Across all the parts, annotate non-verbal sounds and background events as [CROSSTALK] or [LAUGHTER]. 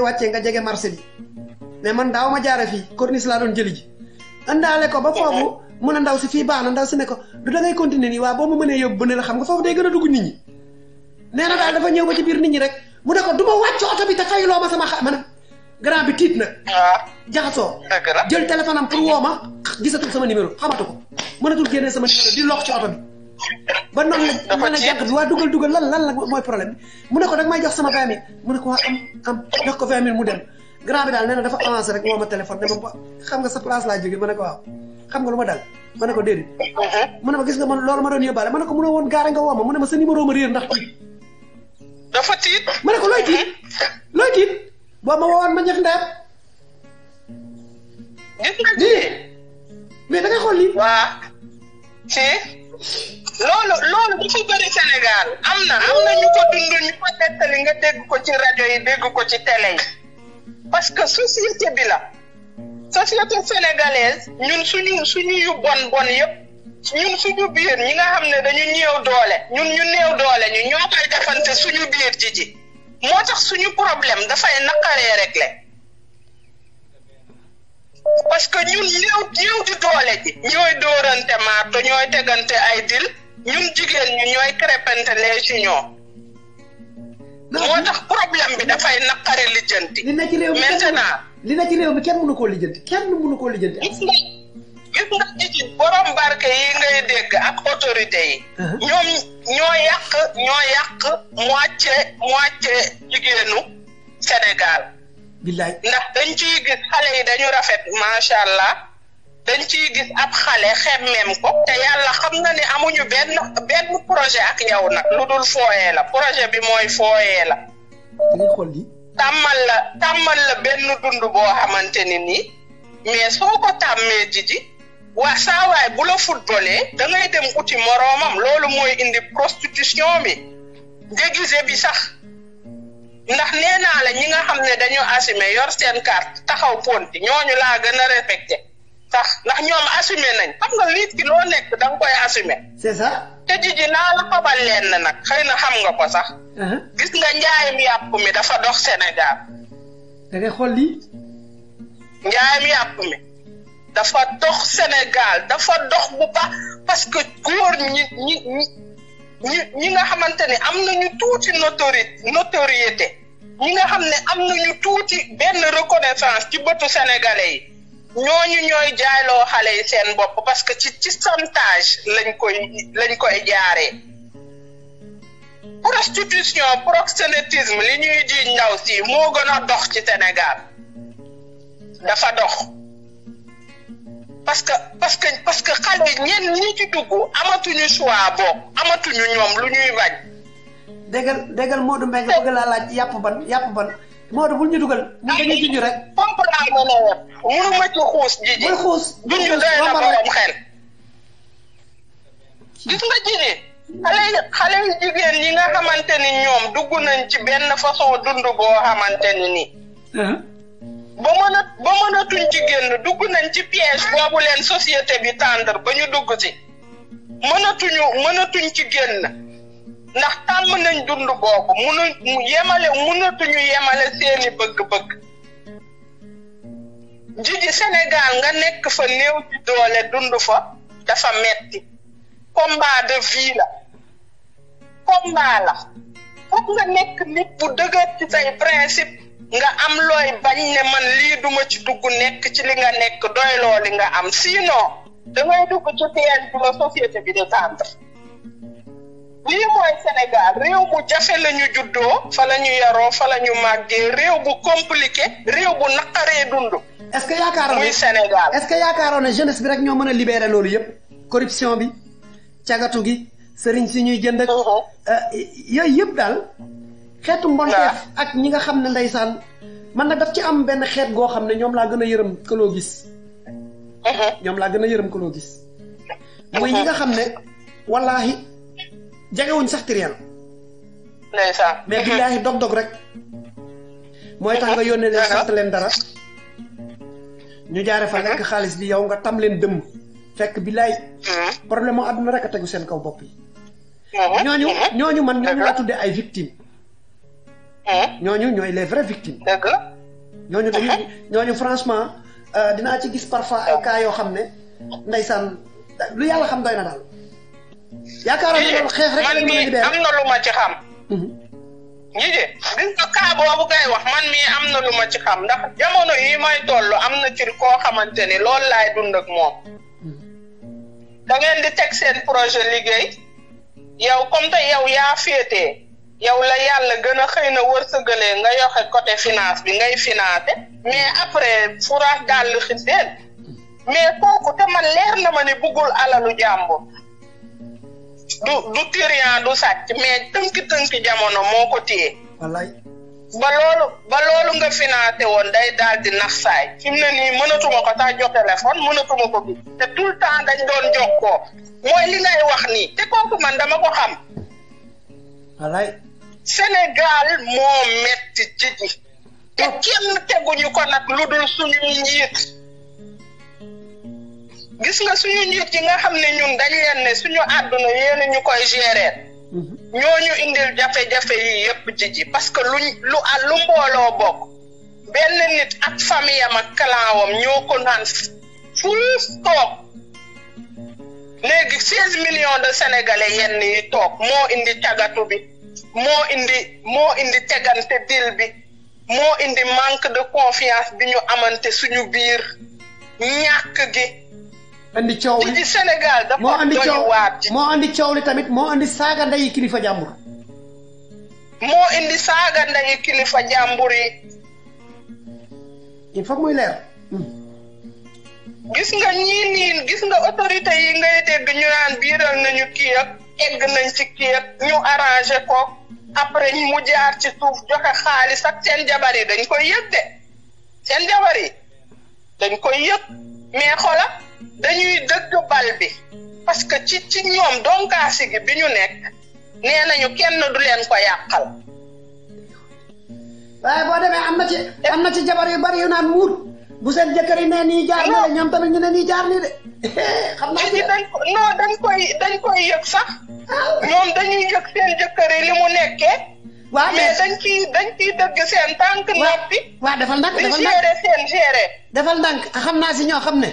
wacce nga jege marché bi mais man daaw ma jaare fii corniche doon jëli ji ko ba fofu ndaw si fiba, baax ndaw si ne ko du da ngay continuer nii waa boo ma mënee yóbbu ne la xam nga fofu day gëna nit ñi na dafa ñëw ba ci biir nit ñi rek mu ne ko duma wacc auto bi ta fay lo ma sama xa man grand bi tit na ah. jaxasoo jël téléphone am pour wo ma gisatu sama numéro xamatu ko tul génnee sama numéro di lox ci auto bi ba noonu la mën a jàngat waa dugal dugal lan lan la mooy problème bi mu ne ko da nga may jox sama vingt mille mu ne ko waa am am jox ko vingt mille mu dem grand bi daal nee na dafa avancé rek woo ma téléphone ne ma xam nga sa place laa jógee ma ne ko waaw xam nga lu ma dal ma ne ko déedéet uh-huh. mu ne ma gis nga man loolu ma doon yóbbaale ma ne ko mënoo woon gaare nga woo ma mu ne ma sa numéro ma réer ndax tiit dafa tiit ma ne ko looy tiit uh-huh. looy tiit boo ma woowoon ma ñex ndeyam lii mais da ngay xool lii waa si loolu loolu dafa bëri Sénégal am na am na ñu ko dund ñu nga teg ko ci rajo yi dégg ko ci télé yi parce que société bi la société sénégalaise ñun suñu suñu yu bon bon yëpp ñun suñu biir ñi nga xam ne dañu néew doole ñun ñu néew doole ñu ñoo koy defante suñu biir ji ji moo tax suñu problème dafay naqaree régler parce que ñun ñëw ñëw di doole ji ñooy dóorante marto ñooy tegante ay dil ñun jigéen ñi ñooy crépante les juniors moo tax problème bi dafay naqari lijjanti li na ci réew mi kenn mënu lijjanti kenn mënu lijjanti ak autorité yi uh-huh. ñoom ñoo yàq ñoo yàq moitié moitié jigéenu Sénégal ndax dañ ci gis xale yi dañu rafet macha allah dañ ciy gis ab xale xemmeem ko te yàlla xam na ni amuñu benn benn projet ak yow nag lu dul fooyee la projet bi mooy fooyee la tàmmal la tàmmal la benn dund boo xamante ni nii mais soo ko tàmmee jiji waa saa waay bu la footballee da ngay dem uti moroomam loolu mooy indi prostitution bi déguisé bi sax ndax nee la ñi nga xam ne dañoo assumé yor seen carte taxaw ponti ñooñu laa gën a respecté sax ndax ñoom assumé nañ xam nga liit gi loo nekk da nga koy assumé. c'est ça. te jiji naa la fabal leen na nag xëy na xam nga ko sax. Uh-huh. gis nga njaayum yàpp mi dafa dox Sénégal. da ngay dafa dox Sénégal dafa dox bu baax parce que góor ñi ñi ñi. ñi ñi nga xamante ne am nañu tuuti notori notoriété ñi nga xam ne am nañu tuuti benn reconnaissance ci bëtu sénégalais yi ñooñu ñooy jaayloo xale yi seen bopp parce que ci ci chantage lañ koy lañ koy jaaree prostitution proxénétisme li ñuy jiiñ ndaw si moo dox ci Sénégal dafa dox parce que parce que parce que xale ñenn ñi ci dugg amatuñu choix bokk amatuñu ñoom lu ñuy bañ. déggal déggal Modou Mbengue bëgg laa yàpp ban yàpp ban Modou bul ñu dugal. ñu dañuy rek. pompe laa mën a wax. mënu ma ci xuus jiji. muy xuus junj doy na borom xel. gis xale xale yu jigéen ñi nga xamante ni ñoom dugg nañ ci benn façon dund xamante ni nii. ba mën a ba ci génn dugg nañ ci piège boobu leen société bi tàndar ba ñu dugg ci mënatuñu mënatuñ ci génn ndax tàmm nañ dund boobu munu yemale mënatuñu yemale seeni bëgg-bëgg jigi Sénégal nga nekk fa néew ci doole dund fa dafa metti combat de vie la combat la foog nga nekk nit bu dëgër ci say principe nga am looy bañ ne man lii duma ci dugg nekk ci li nga nekk doyloo li nga am da ngay dugg ci piège ci la société bi de tendre lii mooy sénégal réew mu jafe la ñu juddoo fa la ñu yaroo fa la ñu màggee réew bu compliqué réew bu naqaree dund est ce que yaakaaroon muy sénégal est ce que yaakaaroon ne jeunesse bi rek ñoo mën a libéré loolu yépp corruption bi cagatu gi sëriñ si ñuy jënd ak mm-hmm. euh, yooyu yëpp daal xeetu mbonteef ak ñi nga xam ne ndeysaan man nag daf ci am benn xeet goo xam ne ñoom laa gën a yërëm gis ñoom laa gën a yërëm ka gis muy ñi nga xam ne wallaahi jegewuñ sax triel ndeysaan mais billahi dog dog rek mooy tax nga yónnee leen sant leen dara ñu jaare fa lekk xaalis bi yow nga tam leen dëmm fekk billahi problème mu àdduna rek a tegu kaw bopp yi ñooñu ñooñu man ñooñu la tuddee ay victime Eh? ñooñu ñooy les vraies victimes. la. ñooñu dañuy eh? franchement euh, dinaa ci gis parfois ay yoo xam ne ndeysaan lu yàlla xam doy na daal. yaakaaroon nañu loolu xeex rek lañ a libéré lu ma ci mhm. am na lu ma ci xam ndax jamono yi may toll am na ci koo xamante ni lool laay dund ak moom. Mhm. da di teg seen projet liggéey yow comme te yow yaa féetee. yow la yàlla gën a xëy na wërsëgalee nga yoxe côté finance bi ngay financé mais après fourage dàll xiseen mais kooku te man leer na ma ne buggul alalu jàmbur du du tirian du sàcc mais tënk-tënk jamono moo ko téye ba loolu nga financé woon day dal di nax saay fi mu ne nii mënatuma ko sax jox téléphone mënatuma ko gis te tout temps dañ doon jox ko mooy li ngay wax nii te kooku man dama ko xam. alay Sénégal moo metti ci ji te kenn teguñu ko nag lu dul suñu njiit gis nga suñu njiit yi nga xam ne ñu dañ leen ne suñu àdduna yéen ñu koy gérer mhm. ñooñu indil jafe-jafe yi yëpp ji ji parce que luñ lu a lu mbooloo bokk benn nit ak famille am ak ñoo ko naan ful toog léegi seize millions de sénégalais yenn yi toog moo indi cagatu bi mo indi mo indi tegante dil bi mo indi manque de confiance bi ñu amante suñu biir ñak gi andi ciow di sénégal dafa mo andi ciow mo andi ciow li tamit mo andi saga ndayi kilifa jàmbur mo indi saga ndayi kilifa jàmbur yi il faut moy leer gis nga ñi niin gis nga autorité yi ngay dégg ñu naan biiral nañu ki ak egg nañ ci képp ñu arrangé ko après mu jaar ci suuf joxe xaalis ak seen jabar yi dañ koy yëg de seen jabar yi dañ koy yëg mais dañuy dëgg bal bi parce que ci ci ñoom donkaasi gi bi ñu nekk nee nañu kenn du leen ko yàqal waaye boo demee am na ci am na naan muut bu seen jëkkër yi nee nii jaar na ñoom tamit ñu ne nii jaar ni de xam naa ci dañ non dañ koy dañ koy yëg sax ñoom dañuy yëg seen jëkkër yi li mu nekkee waaw mais dañ ciy dañ ciy dëgg seen tànk noppi waaw defal ndànk defal ndànk géré seen géré defal ndànk xam naa si ñoo xam ne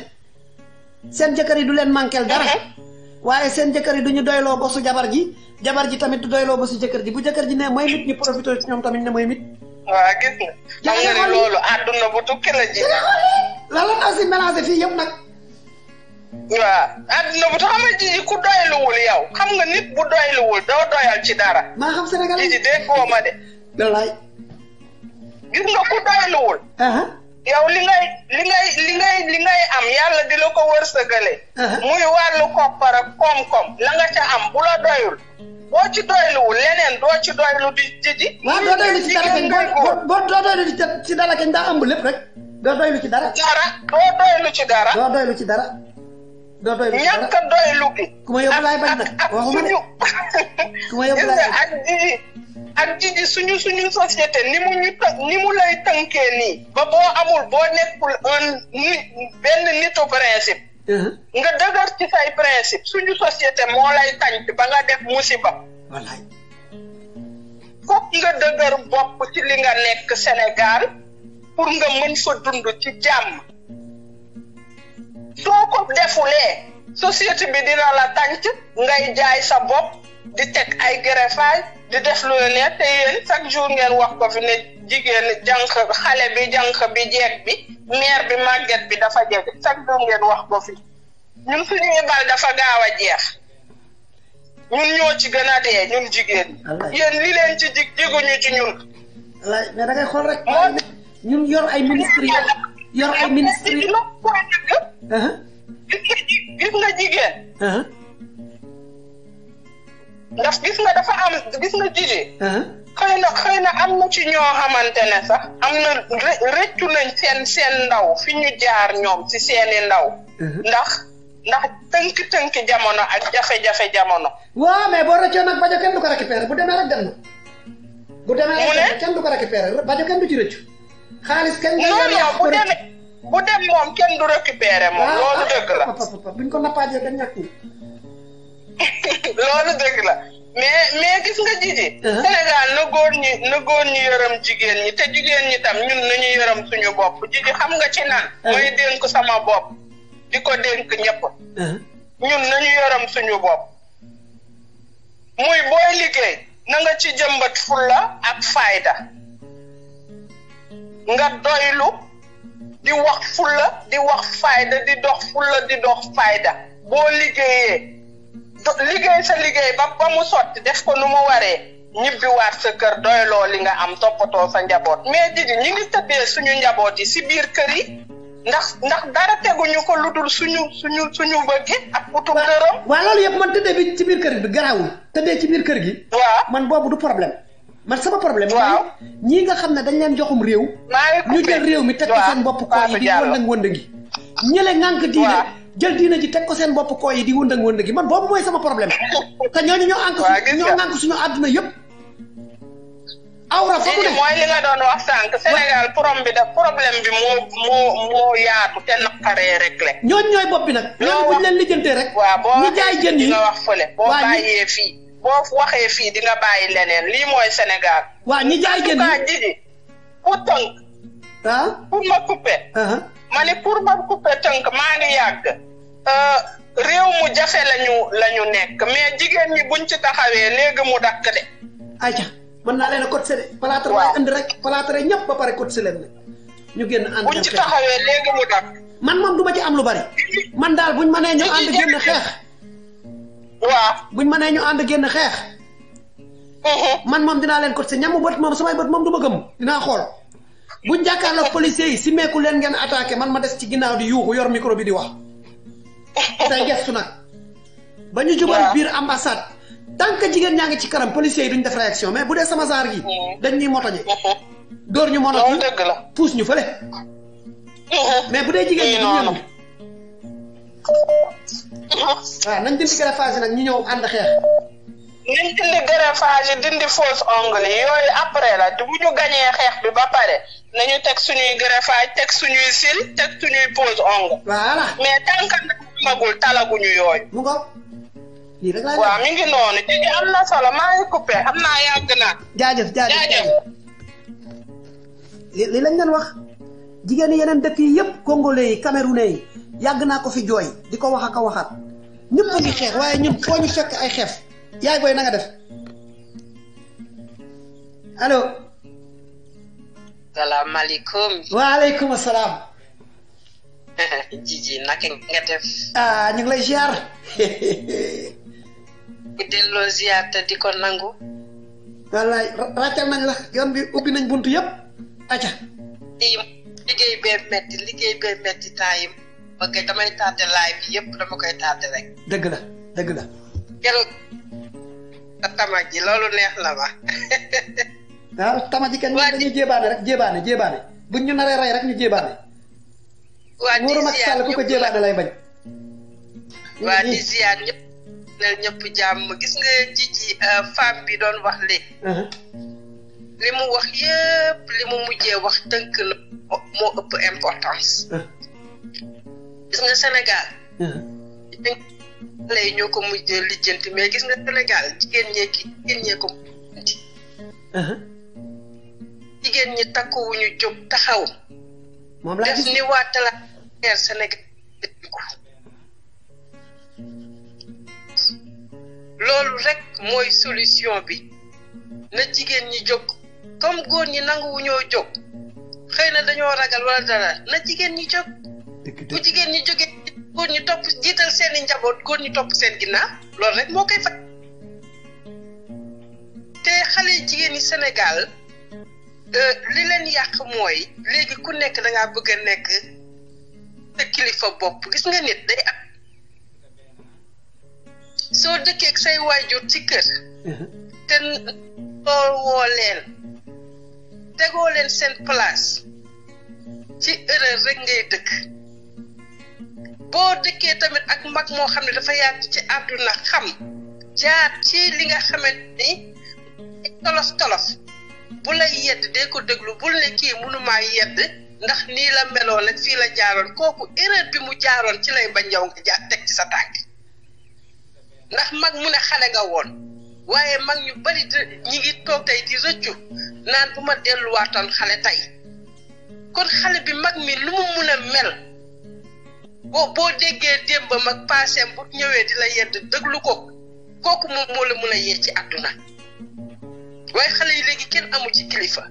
seen jëkkër yi du leen manquel dara waaye seen jëkkër yi duñu doyloo bosu jabar ji jabar ji tamit du doyloo bosu jëkkër ji bu jëkkër ji ne mooy nit ñu profité ci ñoom tamit ne mooy nit. waaw gis nga. jaajëfal xam nga ni loolu àdduna bu tukki la ji. lan la naa si mélangé fii yëpp nag. waaw àdduna bu tax ma jiji ku doyluwul yow xam nga nit bu doyluwul doo doyal ci dara. maa xam Sénégal jiji déggoo ma de. wallaay. gis nga ku doyluwul. yow li ngay li ngay li ngay li ngay am yàlla di la ko wërsëgale. muy wàllu koppar ak koom-koom la nga ca am bu la doyul. boo ci doylu leneen doo ci doylu di di di. doo doylu ci dara kañ boo boo daa ëmb lépp rek. doo doylu ci dara. dara doo doylu ci dara. doo doylu ci dara. doo doylu ci dara ñàkk doylu gi. ku ma yóbbu laay bañ nag waxuma ne ku ma yóbbu ak jiji ak [LAUGHS] ni mu ñu ba boo amul boo nekkul un nit benn nitu principe. nga dagar ci say principe suñu société mo lay tànc ba nga def musiba wallaay ko nga dagar bop ci li nga nek sénégal pour nga mën fa dund ci jamm soo ko société bi dina la ngay jaay sa bop di teg ay greffage di def lu leen te yéen chaque jour ngeen wax ko fi ne jigéen jànq xale bi jànq bi jeeg bi meer bi màgget bi dafa jege chaque jour ngeen wax ko fi ñun suñuy bal dafa gaaw a jeex ñun ñoo ci gën a dee ñun jigéen yéen li leen ci jig jiguñu ci ñun mais da xool rek ñun yor ay ministre yor ay ministre gis nga ndax gis nga dafa am gis na jiji xëy na xëy na am na ci ñoo xamante ne sax am na rëccu nañ seen seen ndaw fi ñu jaar ñoom ci seeni ndaw ndax ndax tënk-tënk jamono ak jafe-jafe jamono waaw mais boo rëccoo nag bajo kenn du ko récupéré bu demee rek dem bu demee rek kenn du ko récupéré bajo kenn du ci rëccu xaalis kenn du ko bu dem moom kenn du récupéré moom loolu dëgg la buñ ko nappaajee dañ ñàkk loolu dëgg la mais mais gis nga jiji uh-huh. Sénégal na góor ñi na góor ñi yërëm jigéen ñi te jigéen ñi tam ñun nañu yërëm suñu bopp jiji xam nga ci naan uh-huh. mooy dénk sama bopp di ko dénk ñëpp uh-huh. ñun nañu yërëm suñu bopp muy booy liggéey na ci jëmbat fulla ak fayda nga doylu di wax fulla di wax fayda di dox fulla di dox fayda boo liggéeyee liggéey sa liggéey ba ba mu sotti def ko nu mu waree ñibbiwaat sa kër doyloo li nga am toppatoo sa njaboot mais didi ñi ngi tëddee suñu njaboot yi si biir kër yi ndax ndax dara teguñu ko lu dul suñu suñu suñu bëgge ak utu ngërëm waa loolu yëpp man tëddee bi ci biir kër bi garaawul tëddee ci biir kër gi waa man boobu du problème man sama problème waaw ñi nga xam ne dañ leen joxum réew ñu jël réew mi teg seen bopp ko yi di wëndëng wëndëng gi ñële ngànk diine jël diina ji teg ko seen bopp koo yi di wëndëng wëndëng gi man boobu mooy sama problème te ñooñu ñoo ànk suñu ñoo ànk suñu àdduna yëpp awra fa mooy li nga doon wax sànq Sénégal problème bi da problème bi moo yaatu te naqaree rek la ñooñu ñooy bopp nag ñooñu buñ leen lijjantee rek waaw boo jaay jën yi nga wax fële boo bàyyee fii boo waxee fii di nga bàyyi leneen lii mooy Sénégal waaw ñi jaay jën yi ji pour tënk ah pour ma couper mané pour ma ko Reo maa ngi euh rew mu jafe lañu lañu nek mais jigen ñi buñ ci taxawé mu dak dé aja man na leen a cote sele palatre waaye andi rek palatre ñep ba paré cote sele nag ñu genn and buñ ci taxawé léegi mu dak man mom duma ci am lu bari man dal buñ mané ñu and genn xex wa buñ mané ñu and genn xex mhm. man mom dina leen cote ñamu bot mom samay bot mom duma gëm dina xol buñ jàkkaarloog policiers yi si meeku leen ngeen attaqué man ma des ci ginnaaw di yuuxu yor micro bi di wax tey gestu nag ba ñu jubal biir ambassade tant que jigéen ñaa ngi ci kanam policiers yi duñ def réaction mais bu dee sama genre gi hmm. dañ ñuy motoñe hmm. dóor ñu mono yi puus ñu fële hmm. mais bu dee jigéen ñi duñ yem waaw nañ dem ci greffage nag ñu ñëw ànd xeex nañ dindi greffage yi dindi fausse ongle yi yooyu après la bu ñu gañee xeex bi ba pare nañu teg suñuy greffage teg suñuy sil teg suñuy pose ongle. voilà mais tant que magul talaguñu yooyu. mu ko lii rek laa waaw mi ngi am na solo maa ngi coupé am naa yàgg naa. jaajëf jaajëf li lañ leen wax jigéen yeneen dëkk yi yëpp congolais yi camerounais yi yàgg naa ko fi jooy di ko wax ak a waxaat ñëpp a ngi xeex waaye ñun foo ñu fekk ay xeef. yaay booy na nga def allo. salaamaaleykum. waaleykum salaam. jiji [LAUGHS] naka nga def. ah ñu ngi lay ziar. ku delloo ziar te di ko nangu. wallaay ràccal nañ la yoon bi ubbi nañ buntu yëpp acca. liggéey bee metti liggéey bee metti taayim ba damay tardé laay bi yëpp dama koy tardé rek. dëgg la dëgg la tama ji loolu neex la ma waaw tama ji kañ dañuy jébaane rek jébaane jébaane buñ ñu naree rey rek ñu jébaane waa nguuru Macky Sall ku ko jébaane lay bañ waa di ziar ñëpp nel ñëpp jàmm gis nga ji ji femme bi doon wax li wax yépp wax ëpp importance gis nga Sénégal xale yi ñoo ko mujjee lijjanti mais gis nga Sénégal jigéen ñee ki jigéen ñee ko mujjanti uh-huh. jigéen ñi takkuwuñu jóg taxaw moom laa gis ni waa talaata Sénégal loolu rek mooy solution bi na jigéen ñi jóg comme góor ñi nanguwuñoo jóg xëy na dañoo ragal wala dara na jigéen ñi jóg bu jigéen ñi jógee góor ñu topp jiital seeni i njaboot góor ñi topp seen ginnaaw loolu rek moo koy faj te xale jigéen yi Sénégal euh, li leen yàq mooy léegi ku nekk danga bëgg a nekk sa kilifa bopp gis nga nit day at soo dëkkee say waajur ci kër mhm. te lool woo leen tegoo leen seen place ci erreur rek ngay dëkk boo dëkkee tamit ak mag moo xam ne dafa yàgg ci àdduna xam jaar ci li nga xamante ni tolos tolos bu lay yedd dee ko déglu bul ne kii mënumaa yedd ndax nii la meloon ak fii la jaaroon kooku erreur bi mu jaaroon ci lay bañ yow nga jaar teg ci sa tànk ndax mag mu ne xale nga woon waaye mag ñu bari ñi ngi toog tey di rëccu naan bu ma delluwaatoon xale tey kon xale bi mag mi lu mu mun a mel boo boo déggee démbam ak paaseem bu ñëwee di la yedd déglu ko kooku moom moo la mën a yee ci àdduna waaye xale yi léegi kenn amu ci kilifa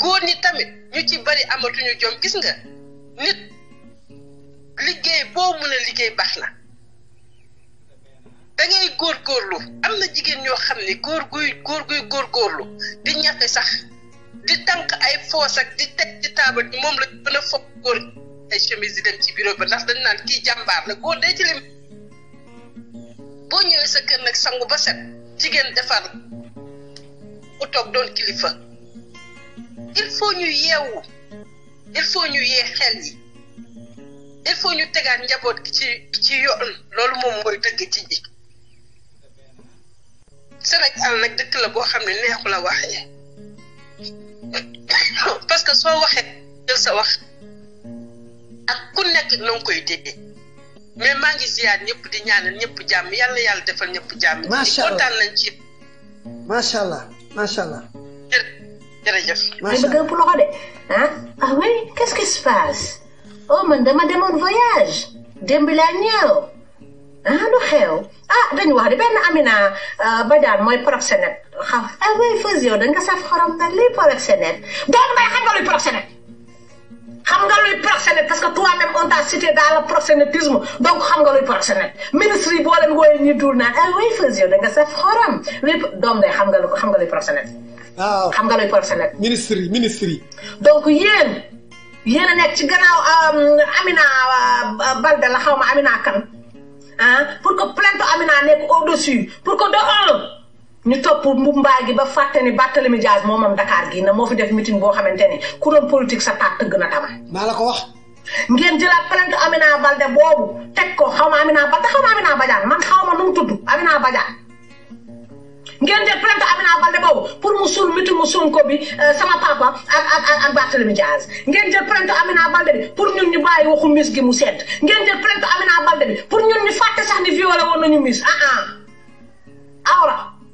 góor ñi tamit ñu ci bari amatuñu jom gis nga nit liggéey boo mën a liggéey baax na da ngay góorgóorlu am na jigéen ñoo xam ne góor guy góor guy góorgóorlu di ñafe sax di tànk ay foos ak di teg ci taabal bi moom la gën a foog góor ay chemise di dem ci bureau ba ndax dañu naan kii jàmbaar na góor day ci boo ñëwee sa kër nag sangu ba set jigéen defar bu toog doon kilifa il faut ñu yeewu il faut ñu yee yi il faut ñu tegaat njaboot gi ci ci loolu moom mooy dëgg ci ji Sénégal nag dëkk la boo xam ne neexu la waxee. [LAUGHS] parce que soo waxee jël sa wax ak ku nekk na nga koy déggee mais maa ngi ziyaar ñëpp di ñaanal ñëpp jàmm yàlla yàlla defal ñëpp jàmm. macha allah kontaan nañ ci. macha allah macha allah. jërëjëf. macha allah bëgg loxo de ah ah oui qu'est-ce qui se passe oh man dama demoon voyage démb laa ñëw ah lu xew ah dañu wax de benn Amina euh, Badiane mooy proxénète. xam ah oui da nga saf xorom nag luy proxénète donc may xam nga luy proxénète xam nga luy proxénète parce que toi-même on t'a cité dans le proxénétisme donc xam nga luy proxénète ministre yi boo leen wooyee ñuy duur ah nga saf xorom luy doom day xam nga lu xam nga luy proxénète. waaw ah. xam nga luy proxénète. ministre yi yi. donc yéen yéen a nekk ci gannaaw euh, Amina euh, Balde la xaw ma Amina kan ah pour que plainte Amina nekk au-dessus pour que de un. ñu topp mbaa gi ba fàtte ni Barthélemy Dias moo moom dakaar gi na moo fi def meeting boo xamante ni ku doon politique sa taat tëgg na dama. maa la ko wax. ngeen jëlaat plainte Amina Balde boobu teg ko xaw ma Amina Balde xaw man xaw ma tudd Amina Badiane. ngeen jël plainte Amina Balde boobu pour mu suul meeting mu Sonko bi euh, sama papa a ak ak ak Barthélemy Dias ngeen jël plainte Amina Balde pour ñun ñu bàyyi waxu Miss gi mu sedd ngeen jël plainte Amina Balde bi pour ñun ñu fàtte sax ni violé woon nañu Miss ah ah awra.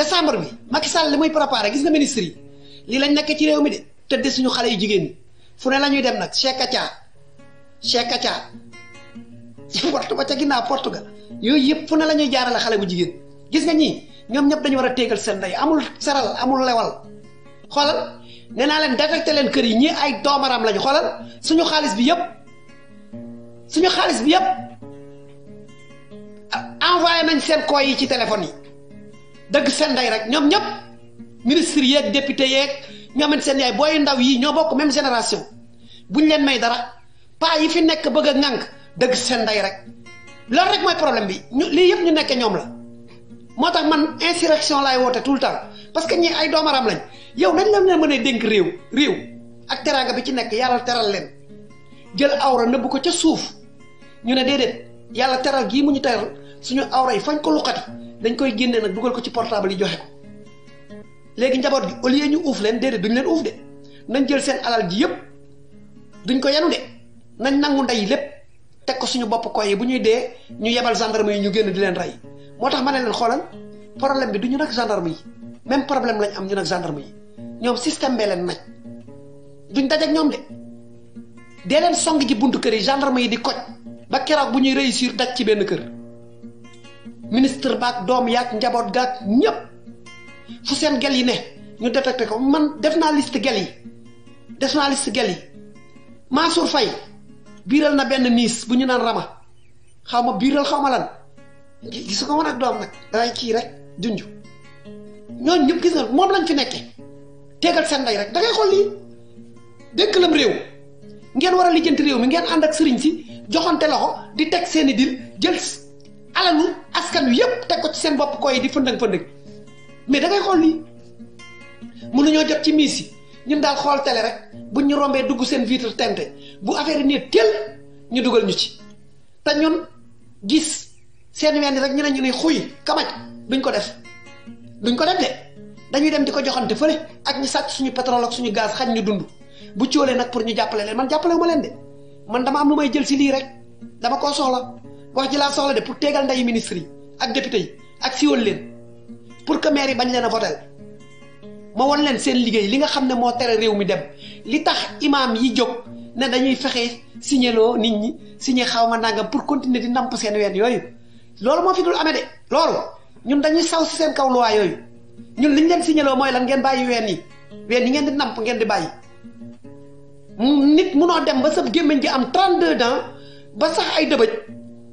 décembre bi Macky Sall li préparer gis nga ministre li lañ nekk ci réew mi de tëdde suñu xalé yu jigéen ñi fu ne lañuy dem nak Cheikh Katia Cheikh Katia ci [LAUGHS] porte ba ca ginnaaw Portugal yoy yëpp fu ne lañuy ñuy jaarale xale bu jigéen gis nga ñi ñom ñëpp dañu wara tégal sen seen amul saral amul lewal xolal nee naa leen détecté leen kër yi ñi ay domaram lañu xolal suñu xaaliss bi yëpp suñu xaaliss bi yëpp envoyé nañ sen koy yi ci téléphone yi dëgg seen ndey rek ñoom ñëpp ministre yeeg député yeeg ñoo mel seen yaay booy ndaw yi ñoo bokk même bu ñu leen may dara paa yi fi nekk bëgg a ŋànk dëgg seen ndey rek loolu rek mooy problème bi ñu lii yëpp ñu nekkee ñoom la moo tax man insurrection laay woote tout le temps parce que ñi ay doomaram lañ yow nañ la leen mën a dénk réew réew ak teraanga bi ci nekk yàlla teral leen jël awra nëbbu ko ca suuf ñu ne déedéet yàlla teral gii mu ñu teral suñu awra yi fañ ko luqati dañ koy génne nag dugal ko ci portable yi joxe ko léegi njaboot gi au lieu ñu uuf leen déedéet duñ leen uuf de nañ jël seen alal ji yépp duñ ko yanu de nañ nangu ndey lépp teg ko suñu bopp koy bu ñuy dee ñu yebal gendarme yi ñu génn di leen rey moo tax ma ne leen xoolal problème bi duñu ñu nag gendarme yi même problème lañ am ñu nag gendarme yi ñoom système bee leen nañ duñ dajak ñoom de dee leen song ji buntu kër yi gendarme yi di koj ba keroog bu ñuy réussir daj ci benn kër Minister baak doom yaak njaboot gaak ñëpp fu seen gel yi ne ñu détecté ko man def naa liste gel yi def naa liste gel yi mansour fay biral na benn niis bu ñu naan rama xaw ma biral xaw ma lan gis ko woon ak doom nag dangay kii rek junj ñoo ñëpp gis nga moom lañ fi tegal seen ndey rek da ngay xool lii dëkk lam réew ngeen war a lijjanti mi ngeen ànd ak sëriñ si joxante loxo di teg seeni dil jël alalu askan wi yépp teg ko ci seen bopp koy di fëndëng fëndëng mais da ngay xool lii mënuñoo jot ci miis yi ñun daal xool télé rek bu ñu rombee dugg seen vitre tente bu affaire yi tel ñu dugal ñu ci te ñun gis seen wenn rek ñu ne ñu ne xuy kamaj duñ ko def duñ ko def de dañuy dem di ko joxante fële ak ñu sàcc suñu pétrole ak suñu gaz xañ ñu dund bu ciolé nak pour ñu jappalé leen man jappalé ma leen de man dama am lu may jël ci lii rek dama ko soxla wax ji laa soxla de pour tegal nday ministre yi ak député yi ak siwol leen pour que maire yi bañ leen a votel ma won leen seen liggéey li nga xam ne moo tere réew mi dem li tax imam yi jóg ne dañuy fexe signéloo nit ñi signé xaw ma nangam pour continuer di namp seen ween yooyu loolu moo fi dul amee de loolu ñun dañuy saw si seen kaw luwaa yooyu ñun liñ leen signé signéloo mooy lan ngeen bàyyi ween yi ween yi ngeen di namp ngeen di bàyyi nit munoo dem ba sa gémmiñ gi am 32 ans ba sax ay dëbëj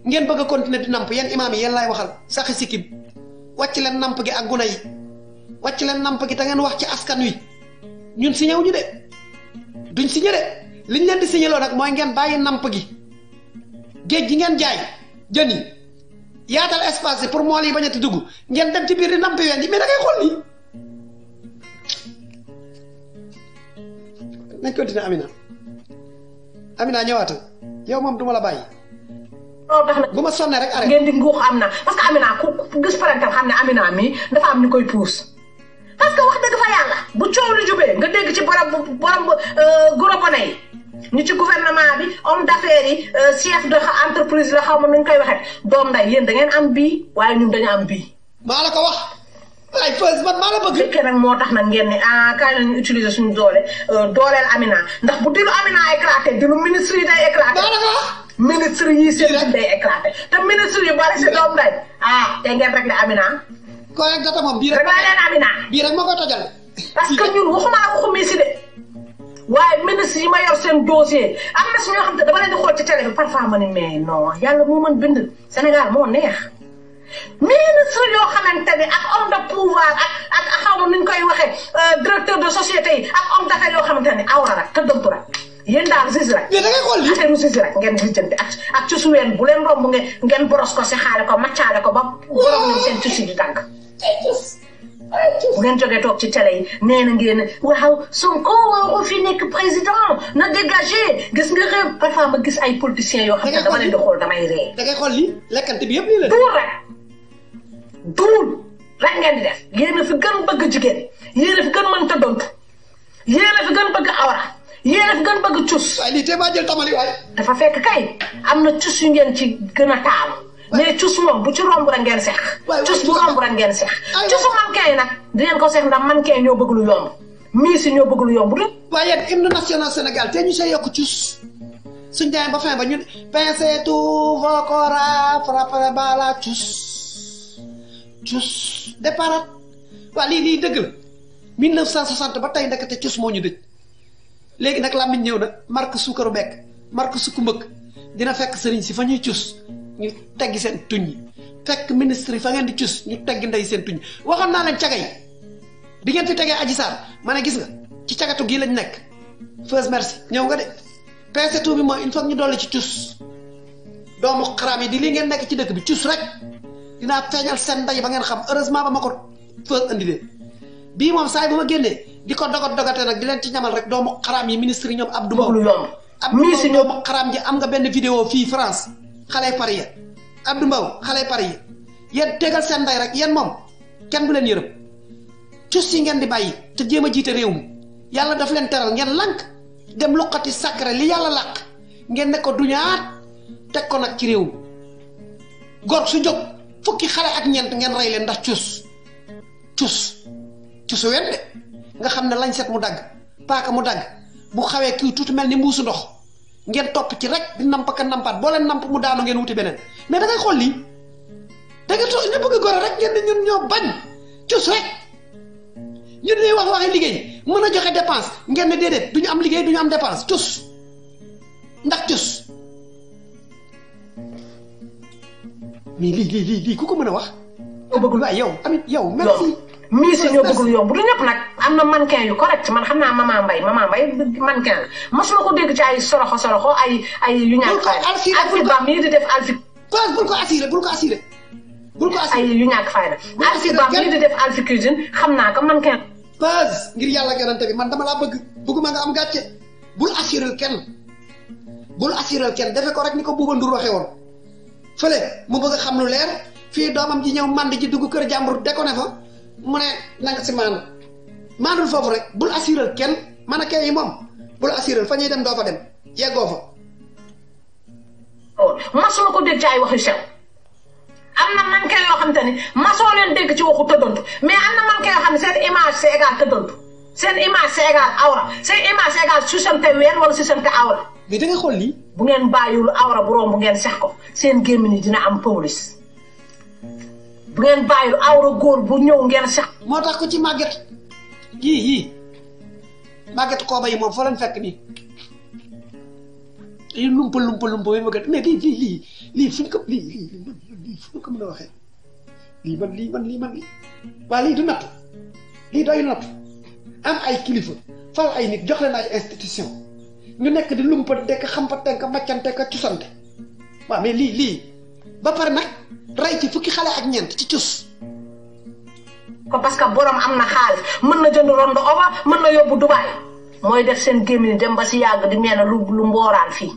ngeen bëgg a continuer di namp yeen imam yi yeen lay waxal sax sikkim wàcc leen namp gi ak gunay yi wàcc leen namp gi da ngeen wax ci askan wi ñun signé wuñu de duñ signé de liñ leen di lo nak moy ngeen bàyyi namp gi géej gi ngeen jaay jën yi yaatal espace yi pour mool yi bañati dugg ngeen dem ci biir di namp yeen di mais da ngay xol ni nañ ko dina amina amina ñëwaatal yow moom duma la bàyyi loolu oh, tax na bu ma sonnee rek arrêté ngeen di nguux am na parce que Amina ku gis parentam xam ne Amina mii dafa am ñu koy puus. parce que wax dëgg fa yàlla bu coow lu jubee nga dégg ci borom borom euh, gorobone yi ñu ci gouvernement bi homme d'affaires yi euh, chef de entreprise la xaw ma nu ñu koy waxee doom nday yéen da ngeen am bii waaye ñun dañu am bii. maa la ko wax. ay Feuz man maa la bëgg. fekkee moo tax nag ngeen ne ah kaay nañu utiliser suñu doole euh, dooleel Amina ndax bu dilu Amina éclaté dilu ministre yi day éclaté. ministre yi seen i day éclaté te ministre yu bari si doom day ah la Amina. koo rek data moom bii rek la Amina. bii rek ma ko tojale. parce que ñun waxuma la si de waaye ministre yi ma yor seen dossier am na si ñoo te dama leen di xool ci télé bi parfois ma ne mais non yàlla moo mën bind Sénégal moo ministre yoo xamante ni ak homme de pouvoir ak ak xaw ma nu ñu koy waxee euh, de société yi yoo xamante ne awra rek te yéen daal gis rek. yéen da ngay xool lii affaire gis rek ngeen gisante ak ak ci suween bu leen romb ngeen ngeen boros ko si xaale ko maccaale ko ba borom leen seen tissu di tànk. bu ngeen jógee toog ci télé yi nee na ngeen waaw Sonko waroo fi nekk président na dégagé gis nga réew parfois ma gis ay politiciens yoo xam dama leen di xool damay ree. da ngay xool lii lekkante bi yëpp lii la. duul rek duul rek ngeen di def. yéen fi gën bëgg jigéen yéen fi gën mënta dontu yéen a fi gën bëgg awra yéen gën bëgg cus. waaye lii tey maa jël tamali waay. dafa fekk kay am na cus yu ngeen ci gën a taamu. mais cus moom bu ci romb rek ngeen seex. cus bu romb rek ngeen seex. cusu manqué yi nag di ngeen ko seex ndax manqué ñoo bëgg lu yomb. mii si ñoo bëgg lu yomb rek. waaye hymne national Sénégal te ñu see yokk cus. suñ demee ba fin ba ñun pincez tout vos corps frappez ba la cus cus départ waaw lii lii dëgg la 1960 ba tey ndekete cus moo ñu dëj léegi nak làmmiñ ñew nak marque suukar bek marque sukku mbëkk dina fekk serigne ci fa ñuy cus ñu teggi sen tuñ fekk ministre fa ngeen di cius ñu teggi nday sen tuñ waxon na lañ bi ngeen ci tegee aji sar, mané gis nga ci cagatu gi lañ nek feuse merci ñew nga de pc tu bi mo une fois ñu dolli ci cius doomu xaraam yi di li ngeen nek ci dëkk bi cius rek dina feeñal sen nday ba ngeen xam heureusement ba mako andi Bima mom say buma genné diko di dogaté nak di len ci ñamal rek doomu kharam yi ministre ñom Abdou Mbow Abdou Mbow doomu kharam ji am nga benn vidéo fi France xalé Paris ya Abdou mbaw xalé Paris ya yeen tegal sen nday rek yeen mom kenn bu len yërep ci si ngeen di bayyi te jema jité réew mi daf len teral ngeen lank dem luqati sacré li yalla làq ngeen ne ko duñaat teg ko nak ci réew gor su jog fukki xalé ak ñent ngeen ray len ndax cus cus ci su wedd nga xam ne lañ set mu dagg paaka mu dagg bu xawee kii tuuti mel ni mbuusu ndox ngeen topp ci rek di namp ka nampaat boo leen namp mu daanu ngeen wuti beneen mais da ngay xool lii da nga toog ñu bëgg gore rek ngeen ne ñun ñoo bañ ci su rek ñun ñuy wax waxi liggéey mën a joxe dépense ngeen ne déedéet duñu am liggéey duñu am dépense cus ndax cus mais lii lii lii lii ku ko mën a wax ko bëggul waaye yow amit yow merci miis yi ñoo bëgg lu yomb du ñëpp nag am na mannequin yu correct man xam naa maman Mbaye maman Mbaye mannequin la mosuma ko dégg ci ay soroxo soroxo ay ay yu ñàkk fayda Alfie Ba mii di def Alfie bul ko assuré bul ko assuré bul ko assuré ay yu ñàkk fayda Alfie Ba mii di def Alfie cuisine xam naa ko mannequin Paz ngir yàlla garante bi man dama laa bëgg bëgguma nga am gàcce bul assuré kenn bul assuré kenn defe ko rek ni ko Bouba Ndour waxee woon fële mu bëgg xam lu leer fii doomam ji ñëw mànd ji dugg kër jàmbur deko ne fa mu ne ci nga manul fofu rek bul assurer ken mannequin kay mom bul assurer fañuy dem do fa dem yeggoo fa. masoo ko dégg jay waxi sew amna man kay yo xam te ne masoo leen ci waxu tëddantu mais amna man kay yoo xam ne image c'est égal tëddantu sen image c'est égal awra seen image c'est égal susante weer wala susante awra. mais da nga xol li bu ngeen bayul awra bu romb ngeen sax ko sen gemini dina am police. bu ngeen bàyyil awra góor bu ñëw ngeen sax. moo tax ko ci màgget yii yii màgget kooba yi moom foo leen fekk nii lii lumpa lumpa lumpa ba màgget mais lii lii lii lii fu ñu ko lii du natt lii doy natt am ay kilifa fal ay nit jox leen ay institution ñu nekk di lumpa dekk xampa tenk maccante ka cusante waaw mais lii lii. ba pare nag ray ci fukki xale ak ñent ci cus ko parce que borom amna na mën na jënd rondo oba mën na yobbu dubai moy def sen gémmiñ dem ba ci yag di mel lu lu mboral fi